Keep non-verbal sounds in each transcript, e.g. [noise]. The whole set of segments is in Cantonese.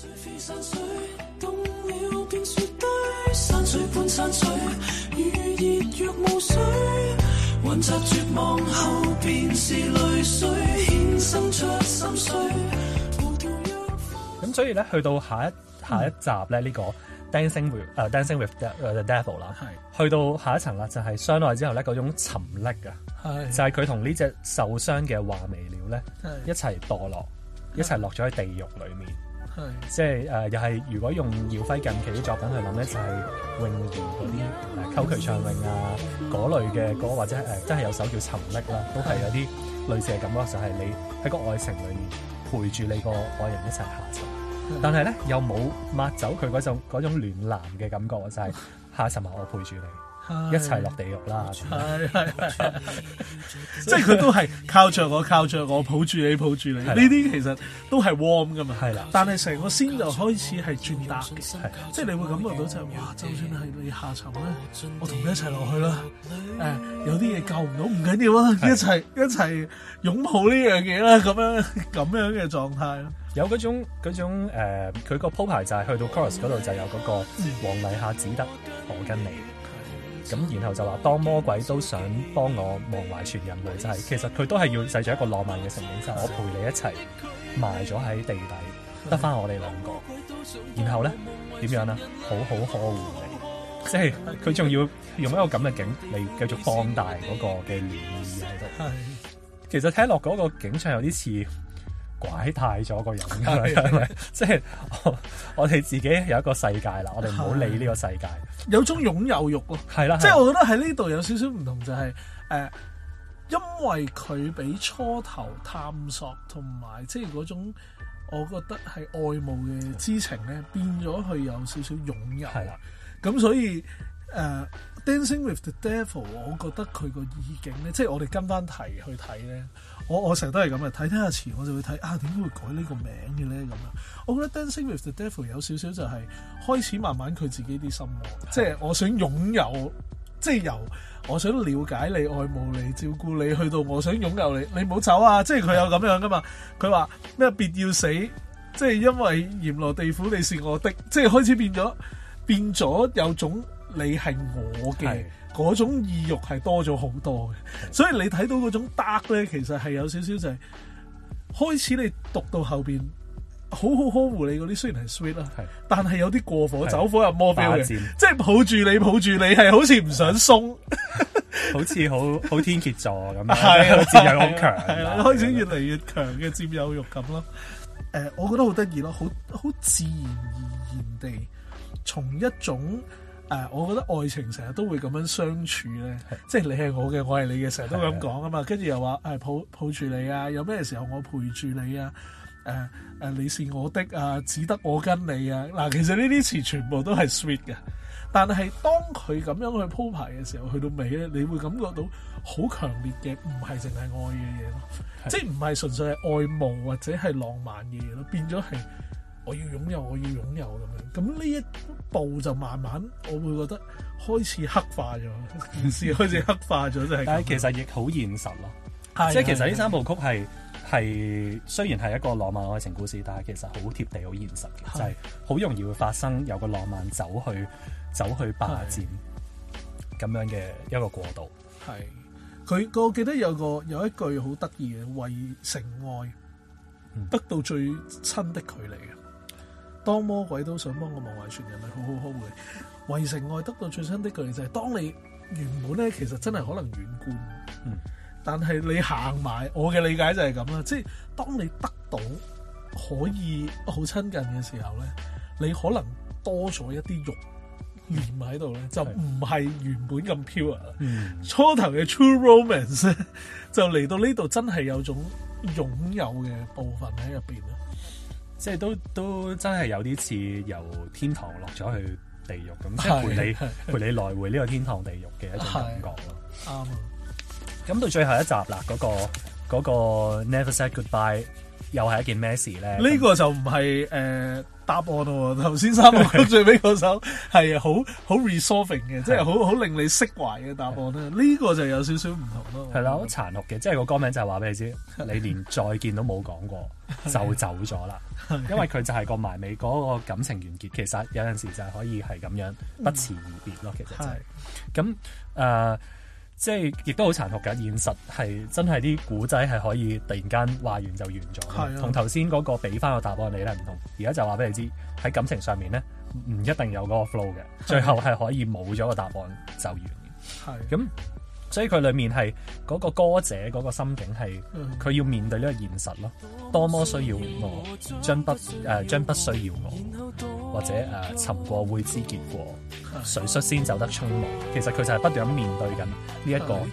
山山山水，水水，水。凍了雪堆。雨熱若玩絕望咁所以咧，去到下一下一集咧，呢、這個 Dancing with 誒、uh, Dancing with the Devil 啦是，係去到下一層啦，就係相愛之後咧，嗰種沉溺噶，是就係佢同呢隻受傷嘅畫眉鳥咧，是一齊墮落，一齊落咗喺地獄裏面。即係誒、呃，又係如果用耀輝近期啲作品去諗咧，就係泳兒嘅嗰啲溝渠暢泳啊，嗰、啊嗯、類嘅歌，或者係誒、呃，真係有首叫《沉溺》啦，都係有啲類似嘅感覺，就係、是、你喺個愛情裏面陪住你個愛人一齊下沉，嗯、但係咧、嗯、又冇抹走佢嗰種嗰種暖男嘅感覺，就係、是、下沉埋我陪住你。一齊落地獄啦，係係係，即係佢都係靠着我，靠着我抱住你，抱住你，呢啲其實都係 warm 㗎嘛，係啦。但係成個 scene 就開始係轉達嘅，係，即係你會感覺到就係哇，就算係你下沉咧，我同你一齊落去啦，誒，有啲嘢救唔到，唔緊要啊，一齊一齊擁抱呢樣嘢啦，咁樣咁樣嘅狀態咯。有嗰種嗰種誒，佢個鋪排就係去到 chorus 嗰度就有嗰個黃麗夏只得我跟你。咁，然後就話，當魔鬼都想幫我忘懷全人類，就係、是、其實佢都係要製造一個浪漫嘅情景，就是、我陪你一齊埋咗喺地底，得返我哋兩個，然後咧點樣啦？好好呵護你，即係佢仲要用一個咁嘅景嚟繼續放大嗰個嘅戀意喺度。 [laughs] 其實聽落嗰個景象有啲似。拐帶咗個人，係咪 [laughs] 的？即係 [laughs] 我哋自己有一個世界啦，的我哋唔好理呢個世界。有種擁有欲咯、哦，係啦的。即係我覺得喺呢度有少少唔同，就係、是、誒、呃，因為佢畀初頭探索同埋即係嗰種，我覺得係愛慕嘅之情咧，的變咗佢有少少擁有，咁的所以。誒《uh, Dancing with the Devil》我我我看看我啊，我覺得佢個意境咧，即係我哋跟翻題去睇咧，我我成日都係咁嘅，睇睇下詞我就會睇啊，點解會改呢個名嘅咧，咁樣。我覺得《Dancing with the Devil》有少少就係、是、開始慢慢佢自己啲心魔，即係我想擁有，即係由我想了解你、愛慕你、照顧你，去到我想擁有你。你唔好走啊！即係佢有咁樣噶嘛。佢話咩？別要死，即係因為閻羅地府你是我的，即係開始變咗，變咗有種。你係我嘅嗰對種意欲係多咗好多嘅，對所以你睇到嗰種得咧，其實係有少少就係開始你讀到後邊好好呵護你嗰啲，雖然係 sweet 啦對，但係有啲過火走火入魔 feel 嘅，即係抱住你抱住你係好似唔想鬆，呵呵好似好好天蠍座咁樣 [laughs] 對，佔有好強，開始越嚟越強嘅佔有欲咁咯。誒、嗯，我覺得好得意咯，好好自然而然地從一種。誒，uh, 我覺得愛情成日都會咁樣相處咧，的即係你係我嘅，我係你嘅，成日都咁講啊嘛。跟住又話誒、啊、抱抱住你啊，有咩時候我陪住你啊？誒、啊、誒、啊，你是我的啊，只得我跟你啊。嗱、啊，其實呢啲詞全部都係 sweet 嘅，但係當佢咁樣去鋪排嘅時候，去到尾咧，你會感覺到好強烈嘅，唔係淨係愛嘅嘢咯，的 [laughs] 即係唔係純粹係愛慕或者係浪漫嘅嘢咯，變咗係。我要擁有，我要擁有咁樣，咁呢一步就慢慢，我會覺得開始黑化咗，件事 [laughs] 開始黑化咗，真係，就係咁樣。但係其實亦好現實咯，即係是其實呢三部曲係係雖然係一個浪漫愛情故事，但係其實好貼地、好現實嘅，是就係好容易會發生有個浪漫走去走去霸佔咁樣嘅一個過渡。係佢，我記得有個有一句好得意嘅，為城愛得到最親的距離嘅。當魔鬼都想幫我忘懷全人類，好好好，呵護你。圍城愛得到最深的句就係、是，當你原本咧，其實真係可能遠觀，嗯，但係你行埋，我嘅理解就係咁啦，即係當你得到可以好親近嘅時候咧，你可能多咗一啲肉連埋喺度咧，就唔係原本咁 pure 啦。嗯、初頭嘅 true romance 咧，就嚟到呢度真係有種擁有嘅部分喺入邊咧。即係都都真係有啲似由天堂落咗去地獄咁，即係陪你 [laughs] 陪你來回呢個天堂地獄嘅一種感覺咯。啱咁 [laughs] 到最後一集啦，嗰個，嗰個 Never Said Goodbye 又係一件咩事咧？呢個就唔係誒。呃答案咯、啊，頭先三個最尾嗰首係好好 resolving 嘅，即係好好令你釋懷嘅答案咧。呢個就有少少唔同咯。係啦，好殘酷嘅，即係個歌名就係話俾你知， [laughs] 你連再見都冇講過就走咗啦。 [laughs] 因為佢就係個埋尾嗰個感情完結，其實有陣時就係可以係咁樣不辭而別咯。嗯、其實就係咁誒。嗯嗯。即係，亦都好殘酷嘅現實，係真係啲古仔係可以突然間話完就完咗，同頭先嗰個俾翻個答案你咧唔同。而家就話俾你知，喺感情上面咧，唔一定有嗰個 flow 嘅，最後係可以冇咗個答案就完嘅。係咁的。所以佢裏面係嗰個歌者嗰個心境係，佢要面對呢個現實咯，多麼需要我，將不誒、呃、將不需要我，或者誒、呃、尋過會知結果，誰率先走得匆忙，其實佢就係不斷咁面對緊呢一個呢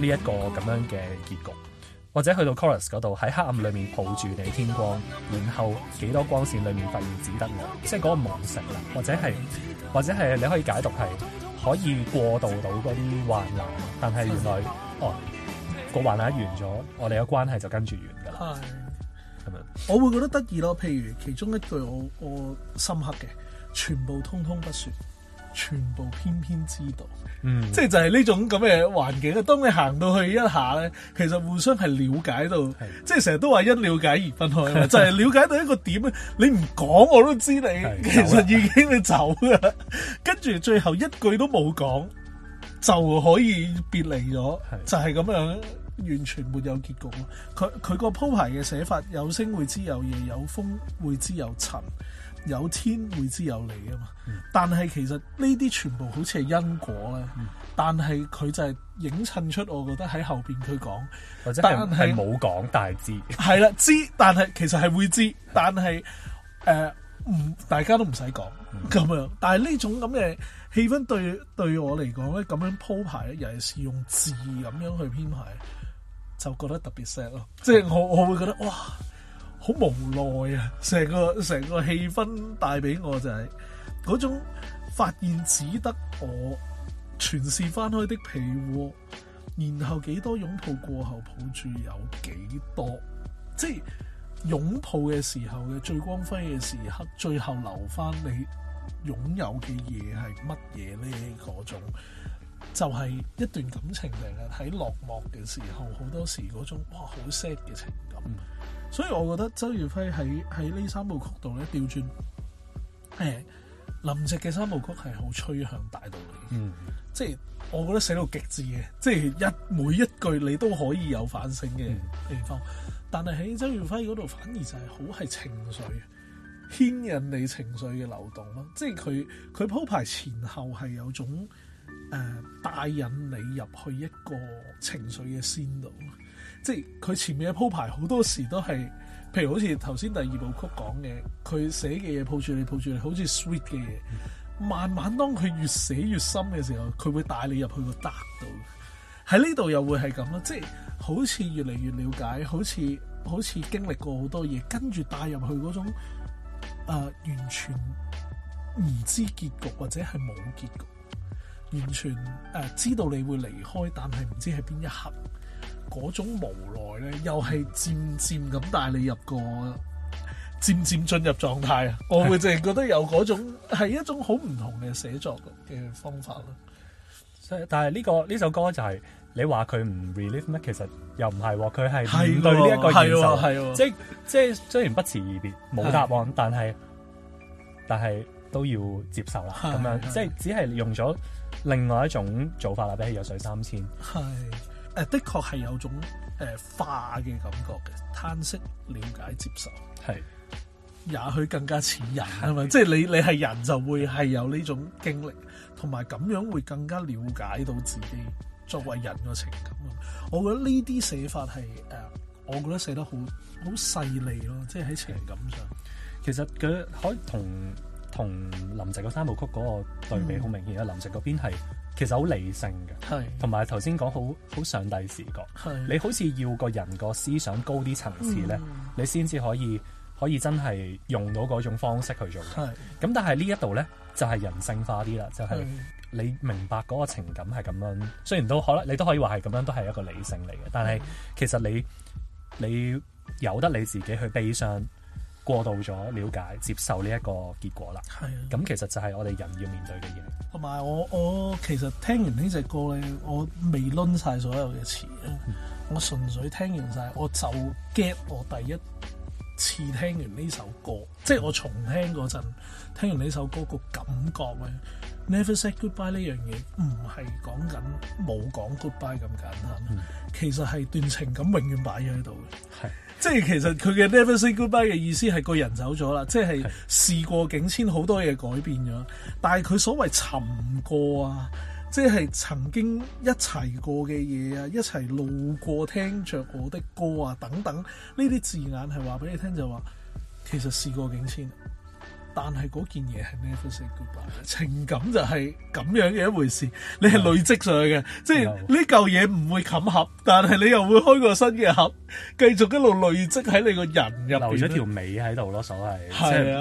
一是個咁樣嘅結局，或者去到 chorus 嗰度喺黑暗裏面抱住你天光，然後幾多光線裏面發現只得我，即係嗰個夢醒啦，或者係或者係你可以解讀係。可以過渡到嗰啲患難，但係原來係哦個患難一完咗，我哋嘅關係就跟住完㗎啦。咁樣係，係我會覺得得意咯。譬如其中一句我我深刻嘅，全部通通不説，全部偏偏知道，嗯，即係就係呢種咁嘅環境。當你行到去一下咧，其實互相係了解到，的即係成日都話因了解而分開，的就係了解到一個點咧，你唔講我都知你，的其實已經你走啦。跟住的了最後一句都冇講，就可以別離咗，的就係咁樣，完全沒有結局。佢佢個鋪排嘅寫法，有星會知有夜，有風會知有塵。有有天會知有你啊嘛，嗯、但係其實呢啲全部好似係因果咧，嗯、但係佢就係影襯出，我覺得喺後邊佢講，但係冇講大知，係啦是 [laughs] 知，但係其實係會知， [laughs] 但係誒唔大家都唔使講咁、嗯、樣，但係呢種咁嘅氣氛對對我嚟講咧，咁樣鋪排又係用字咁樣去編排，就覺得特別 sad 咯，即係、嗯、我我，我會覺得哇！好無奈啊！成個成個氣氛帶俾我就係、是、嗰種發現，只得我全是翻開的被窩，然後幾多擁抱過後抱住有幾多？即係擁抱嘅時候嘅最光輝嘅時刻，最後留翻你擁有嘅嘢係乜嘢咧？嗰種就係、是、一段感情嚟嘅喺落幕嘅時候，好多時嗰種哇好 sad 嘅情感。所以，我覺得周耀輝喺喺呢三部曲度咧，調轉誒林夕嘅三部曲係好趨向大道理，嗯，即係我覺得寫到極致嘅，即係一每一句你都可以有反省嘅地方。嗯、但係喺周耀輝嗰度，反而就係好係情緒牽引你情緒嘅流動咯，即係佢佢鋪排前後係有種誒、呃、帶引你入去一個情緒嘅先度。即係佢前面嘅鋪排，好多時都係，譬如好似頭先第二部曲講嘅，佢寫嘅嘢，抱住你，抱住你，好似 sweet 嘅嘢。慢慢當佢越寫越深嘅時候，佢會帶你入去個 dark 度。喺呢度又會係咁咯，即係好似越嚟越了解，好似好似經歷過好多嘢，跟住帶入去嗰種誒完全唔知結局或者係冇結局，完全誒知、呃、知道你會離開，但係唔知係邊一刻。嗰種無奈咧，又係漸漸咁帶你入個漸漸進入狀態啊！我會淨係覺得有嗰種，係 [laughs] 一種好唔同嘅寫作嘅方法咯。即係，但係呢、這個呢首歌就係、是、你話佢唔 relief 咩？其實又唔係，佢係面對呢一個現實，即係即係雖然不辭而別，冇答案，的但係但係都要接受啦。咁的樣的即係只係用咗另外一種做法啦，比如弱水三千，的《弱水三千》係。誒，的確係有種誒化嘅感覺嘅，嘆息、了解、接受，係是，也許更加似人啊嘛！ [laughs] 即係你你係人就會係有呢種經歷，同埋咁樣會更加了解到自己作為人嘅情感。我覺得呢啲寫法係誒，我覺得寫得好好細膩咯，即係喺情感上。嗯、其實佢可以同同林夕嘅三部曲嗰個對比好明顯啊！嗯、林夕嗰邊係。其實好理性嘅，係同埋頭先講好好上帝視角，係是你好似要個人個思想高啲層次咧，嗯、你先至可以可以真係用到嗰種方式去做嘅。咁是，但係呢一度咧就係、是、人性化啲啦，就係、是、你明白嗰個情感係咁樣，是雖然都可能你都可以話係咁樣都係一個理性嚟嘅，但係其實你你由得你自己去悲傷。過度咗了，了解接受呢一個結果啦，係啊的，咁其實就係我哋人要面對嘅嘢。同埋我我其實聽完呢隻歌咧，我未攆晒所有嘅詞啊，嗯、我純粹聽完晒，我就 get 我第一次聽完呢首歌，即係、嗯、我重聽嗰陣聽完呢首歌，個感覺咧，Never Said Goodbye 呢樣嘢唔係講緊冇講 goodbye 咁簡單，嗯、其實係段情感永遠擺咗喺度嘅。係。即係其實佢嘅 Never Said Goodbye 嘅意思係個人走咗啦，即係事過境遷，好多嘢改變咗。但係佢所謂尋過啊，即係曾經一齊過嘅嘢啊，一齊路過聽着我的歌啊等等，呢啲字眼係話俾你聽，就是，就話其實事過境遷。但係嗰件嘢係咩 Never say goodbye？情感就係咁樣嘅一回事，你係累積上去嘅，嗯、即係呢嚿嘢唔會冚盒，但係你又會開個新嘅盒，繼續一路累積喺你個人入邊，留咗條尾喺度咯，所謂、啊、即係、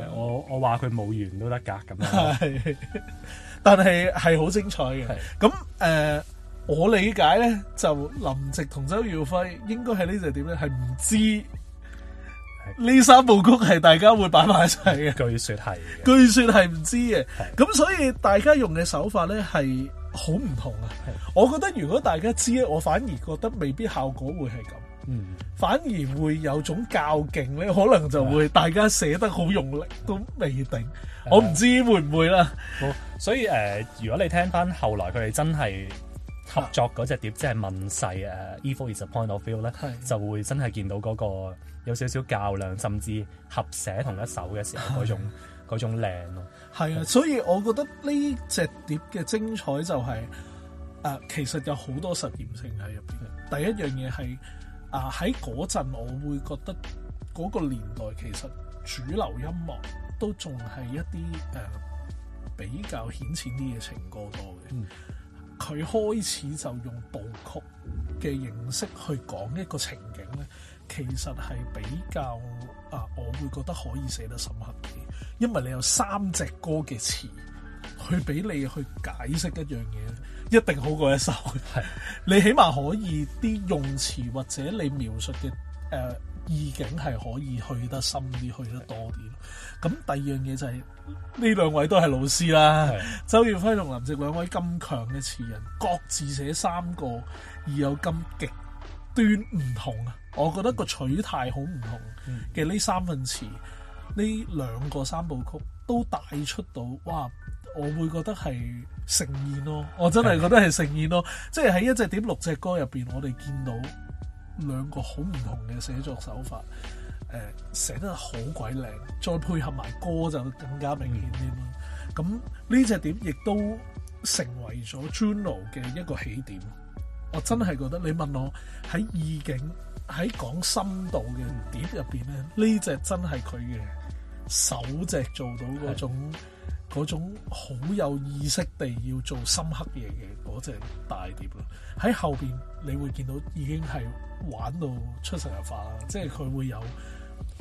啊、我我話佢冇完都得㗎咁咯。樣但係係好精彩嘅。咁誒、呃，我理解咧，就林夕同周耀輝應該係呢隻點咧，係唔知。呢三部曲係大家會擺埋晒嘅，據說係，據說係唔知嘅。咁所以大家用嘅手法咧係好唔同啊。我覺得如果大家知，我反而覺得未必效果會係咁，嗯，反而會有種較勁咧，可能就會大家寫得好用力都未定，我唔知會唔會啦。好，所以誒，如果你聽翻後來佢哋真係合作嗰隻碟，即係問世，誒，《Evil Is A Point Of View》咧，係就會真係見到嗰個。有少少較量，甚至合寫同一首嘅時候，嗰的種嗰種靚咯。係啊的，的所以我覺得呢隻碟嘅精彩就係、是、誒、呃，其實有好多實驗性喺入邊嘅。第一樣嘢係啊，喺嗰陣我會覺得嗰個年代其實主流音樂都仲係一啲誒、呃、比較顯淺啲嘅情歌多嘅。佢、嗯、開始就用步曲。嘅形式去講一個情景呢，其實係比較，啊，我會覺得可以寫得深刻啲，因為你有三隻歌嘅詞去俾你去解釋一樣嘢，一定好過一首嘅。 [laughs] 係你起碼可以啲用詞或者你描述嘅誒。呃意境係可以去得深啲，去得多啲咯。咁第二樣嘢就係呢兩位都係老師啦，的周耀輝同林夕兩位咁強嘅詞人，各自寫三個而有咁極端唔同啊！嗯、我覺得個取態好唔同嘅呢三份詞，呢兩、嗯、個三部曲都帶出到哇！我會覺得係盛宴咯，我真係覺得係盛宴咯。的即係喺一隻碟六隻歌入邊，我哋見到。兩個好唔同嘅寫作手法，誒、oh. 呃、寫得好鬼靚，再配合埋歌就更加明顯啲咯。咁呢隻碟亦都成為咗 j u 專輯嘅一個起點。我真係覺得你問我喺意境喺講深度嘅碟入邊咧，呢隻、mm. 真係佢嘅首隻做到嗰種。Mm. 嗯嗰種好有意識地要做深刻嘢嘅嗰隻大碟咯，喺後邊你會見到已經係玩到出神入化啦，即係佢會有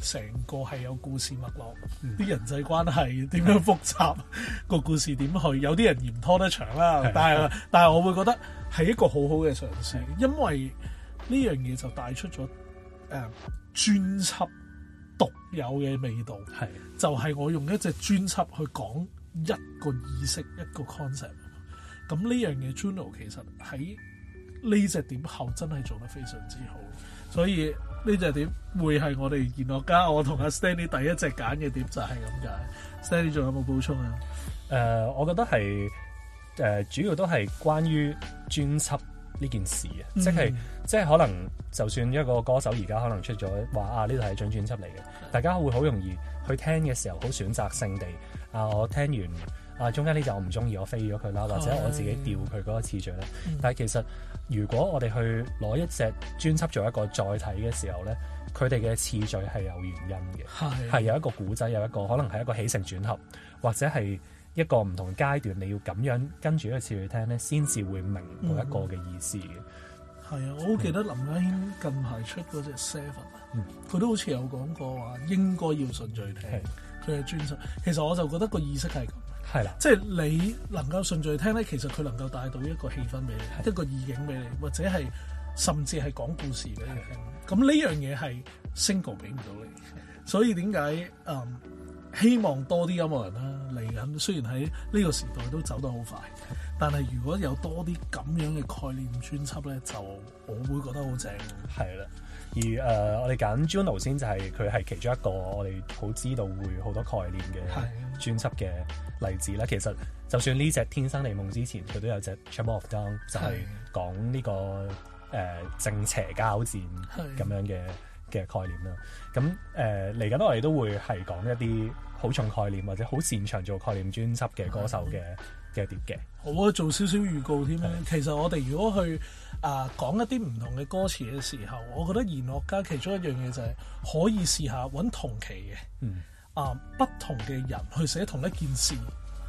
成個係有故事脈絡，啲、嗯、人際關係點樣複雜，個、嗯、 [laughs] 故事點去，有啲人嫌拖得長啦，但係但係我會覺得係一個好好嘅嘗試，嗯、因為呢樣嘢就帶出咗誒、呃、專輯獨有嘅味道，係、啊、就係我用一隻專輯去講。一個意識一個 concept，咁呢樣嘢 Juno 其實喺呢隻碟後真係做得非常之好，所以呢隻、這個、碟會係我哋言樂家我同阿 Stanley 第一隻揀嘅碟就係咁解。Stanley 仲有冇補充啊？誒，uh, 我覺得係誒、uh, 主要都係關於專輯。呢件事嘅，即係、嗯、即係可能，就算一個歌手而家可能出咗話啊，呢度係張專輯嚟嘅，大家會好容易去聽嘅時候，好選擇性地啊，我聽完啊，中間呢隻我唔中意，我飛咗佢啦，或者是我自己調佢嗰個次序咧。嗯、但係其實如果我哋去攞一隻專輯做一個載體嘅時候咧，佢哋嘅次序係有原因嘅，係是有一個古仔，有一個可能係一個起承轉合，或者係。一個唔同階段，你要咁樣跟住一次去聽咧，先至會明嗰一個嘅意思嘅。係啊、嗯，嗯、我好記得林嘉謙近排出嗰隻 Seven 啊，佢都、嗯、好似有講過話應該要順序聽，佢係專注。其實我就覺得個意識係咁，係啦、啊，即係你能夠順序聽咧，其實佢能夠帶到一個氣氛俾你，一個意境俾你，或者係甚至係講故事俾你聽。咁呢、啊、樣嘢係 single 俾唔到你，所以點解嗯？Um, 希望多啲音樂人啦嚟緊，雖然喺呢個時代都走得好快，但係如果有多啲咁樣嘅概念專輯咧，就我會覺得好正。係啦，而誒、呃、我哋揀 Juno 先，就係佢係其中一個我哋好知道會好多概念嘅專輯嘅例子啦。的其實就算呢隻《天生地夢》之前，佢都有隻《Chamber of Dawn、這個》呃，就係講呢個誒正邪交戰咁樣嘅。嘅概念啦，咁誒嚟緊我哋都會係講一啲好重概念或者好擅長做概念專輯嘅歌手嘅嘅碟嘅。我的、啊、做少少預告添咧，的其實我哋如果去啊、呃、講一啲唔同嘅歌詞嘅時候，我覺得言樂家其中一樣嘢就係、是、可以試下揾同期嘅，嗯啊、呃、不同嘅人去寫同一件事，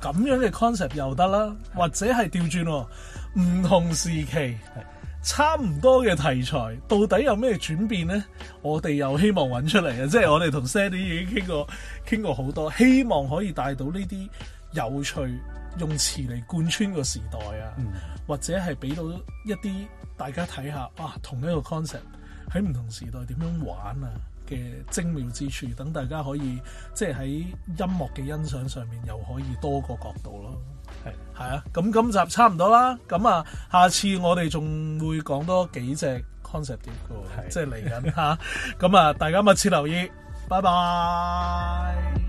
咁樣嘅 concept 又得啦，或者係調轉唔同時期。差唔多嘅題材，到底有咩轉變呢？我哋又希望揾出嚟嘅，嗯、即係我哋同 Sandy 已經傾過傾過好多，希望可以帶到呢啲有趣用詞嚟貫穿個時代啊，嗯、或者係俾到一啲大家睇下，啊，同一個 concept 喺唔同時代點樣玩啊嘅精妙之處，等大家可以即係喺音樂嘅欣賞上面又可以多個角度咯。係係啊，咁今集差唔多啦，咁啊，下次我哋仲會講多幾隻 concept 碟嘅。是的 即係嚟緊吓，咁 [laughs] 啊，大家密切留意，拜拜。